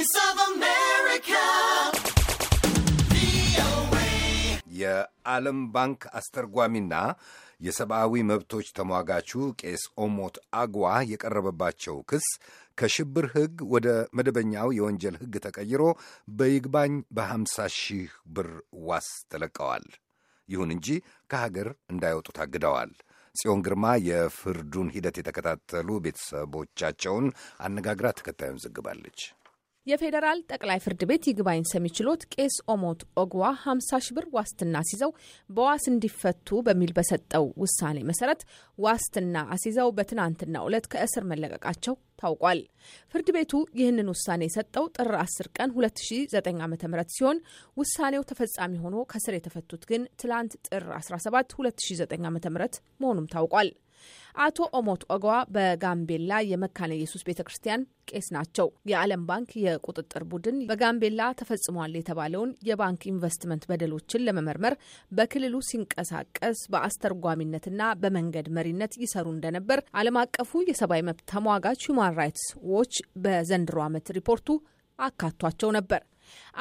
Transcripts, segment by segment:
Voice of America. የዓለም ባንክ አስተርጓሚና የሰብአዊ መብቶች ተሟጋቹ ቄስ ኦሞት አግዋ የቀረበባቸው ክስ ከሽብር ሕግ ወደ መደበኛው የወንጀል ሕግ ተቀይሮ በይግባኝ በ50 ሺህ ብር ዋስ ተለቀዋል። ይሁን እንጂ ከሀገር እንዳይወጡ ታግደዋል። ጽዮን ግርማ የፍርዱን ሂደት የተከታተሉ ቤተሰቦቻቸውን አነጋግራ ተከታዩን ዘግባለች። የፌዴራል ጠቅላይ ፍርድ ቤት ይግባኝ ሰሚ ችሎት ቄስ ኦሞት ኦግዋ 50 ሺህ ብር ዋስትና አስይዘው በዋስ እንዲፈቱ በሚል በሰጠው ውሳኔ መሰረት ዋስትና አስይዘው በትናንትናው ዕለት ከእስር መለቀቃቸው ታውቋል። ፍርድ ቤቱ ይህንን ውሳኔ የሰጠው ጥር 10 ቀን 2009 ዓ ም ሲሆን ውሳኔው ተፈጻሚ ሆኖ ከስር የተፈቱት ግን ትላንት ጥር 17 2009 ዓ ም መሆኑም ታውቋል። አቶ ኦሞት ኦጓ በጋምቤላ የመካነ ኢየሱስ ቤተ ክርስቲያን ቄስ ናቸው። የዓለም ባንክ የቁጥጥር ቡድን በጋምቤላ ተፈጽሟል የተባለውን የባንክ ኢንቨስትመንት በደሎችን ለመመርመር በክልሉ ሲንቀሳቀስ በአስተርጓሚነትና በመንገድ መሪነት ይሰሩ እንደነበር ዓለም አቀፉ የሰብአዊ መብት ተሟጋች ሁማን ራይትስ ዎች በዘንድሮ ዓመት ሪፖርቱ አካቷቸው ነበር።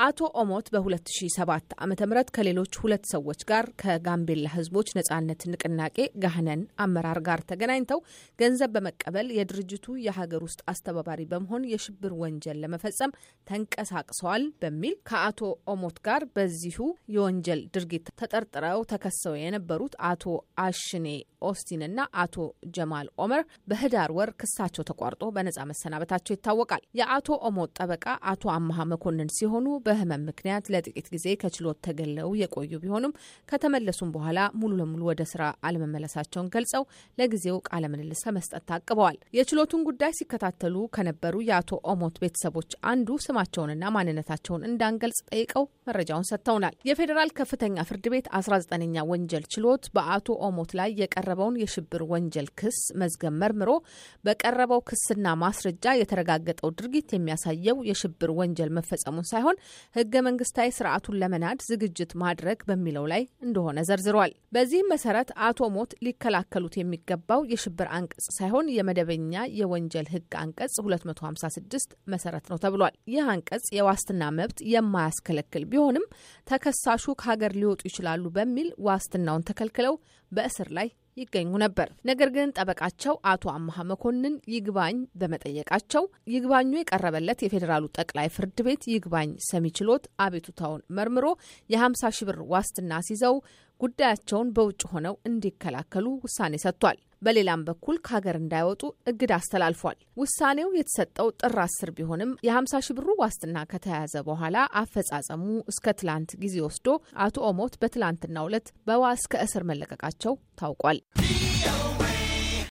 አቶ ኦሞት በ2007 ዓ ም ከሌሎች ሁለት ሰዎች ጋር ከጋምቤላ ህዝቦች ነጻነት ንቅናቄ ጋህነን አመራር ጋር ተገናኝተው ገንዘብ በመቀበል የድርጅቱ የሀገር ውስጥ አስተባባሪ በመሆን የሽብር ወንጀል ለመፈጸም ተንቀሳቅሰዋል በሚል ከአቶ ኦሞት ጋር በዚሁ የወንጀል ድርጊት ተጠርጥረው ተከሰው የነበሩት አቶ አሽኔ ኦስቲን እና አቶ ጀማል ኦመር በህዳር ወር ክሳቸው ተቋርጦ በነጻ መሰናበታቸው ይታወቃል። የአቶ ኦሞት ጠበቃ አቶ አመሀ መኮንን ሲሆኑ ሲሆኑ በህመም ምክንያት ለጥቂት ጊዜ ከችሎት ተገለው የቆዩ ቢሆኑም ከተመለሱም በኋላ ሙሉ ለሙሉ ወደ ስራ አለመመለሳቸውን ገልጸው ለጊዜው ቃለ ምልልስ ከመስጠት ታቅበዋል። የችሎቱን ጉዳይ ሲከታተሉ ከነበሩ የአቶ ኦሞት ቤተሰቦች አንዱ ስማቸውንና ማንነታቸውን እንዳንገልጽ ጠይቀው መረጃውን ሰጥተውናል። የፌዴራል ከፍተኛ ፍርድ ቤት 19ኛ ወንጀል ችሎት በአቶ ኦሞት ላይ የቀረበውን የሽብር ወንጀል ክስ መዝገብ መርምሮ በቀረበው ክስና ማስረጃ የተረጋገጠው ድርጊት የሚያሳየው የሽብር ወንጀል መፈጸሙን ሳይሆን ሲሆን ህገ መንግስታዊ ስርዓቱን ለመናድ ዝግጅት ማድረግ በሚለው ላይ እንደሆነ ዘርዝሯል። በዚህም መሰረት አቶ ሞት ሊከላከሉት የሚገባው የሽብር አንቀጽ ሳይሆን የመደበኛ የወንጀል ህግ አንቀጽ 256 መሰረት ነው ተብሏል። ይህ አንቀጽ የዋስትና መብት የማያስከለክል ቢሆንም ተከሳሹ ከሀገር ሊወጡ ይችላሉ በሚል ዋስትናውን ተከልክለው በእስር ላይ ይገኙ ነበር። ነገር ግን ጠበቃቸው አቶ አመሀ መኮንን ይግባኝ በመጠየቃቸው ይግባኙ የቀረበለት የፌዴራሉ ጠቅላይ ፍርድ ቤት ይግባኝ ሰሚ ችሎት አቤቱታውን መርምሮ የ50 ሺ ብር ዋስትና ሲዘው ጉዳያቸውን በውጭ ሆነው እንዲከላከሉ ውሳኔ ሰጥቷል። በሌላም በኩል ከሀገር እንዳይወጡ እግድ አስተላልፏል። ውሳኔው የተሰጠው ጥር አስር ቢሆንም የ50 ሺ ብሩ ዋስትና ከተያያዘ በኋላ አፈጻጸሙ እስከ ትላንት ጊዜ ወስዶ አቶ ኦሞት በትላንትናው ዕለት በዋስ ከእስር መለቀቃቸው ታውቋል።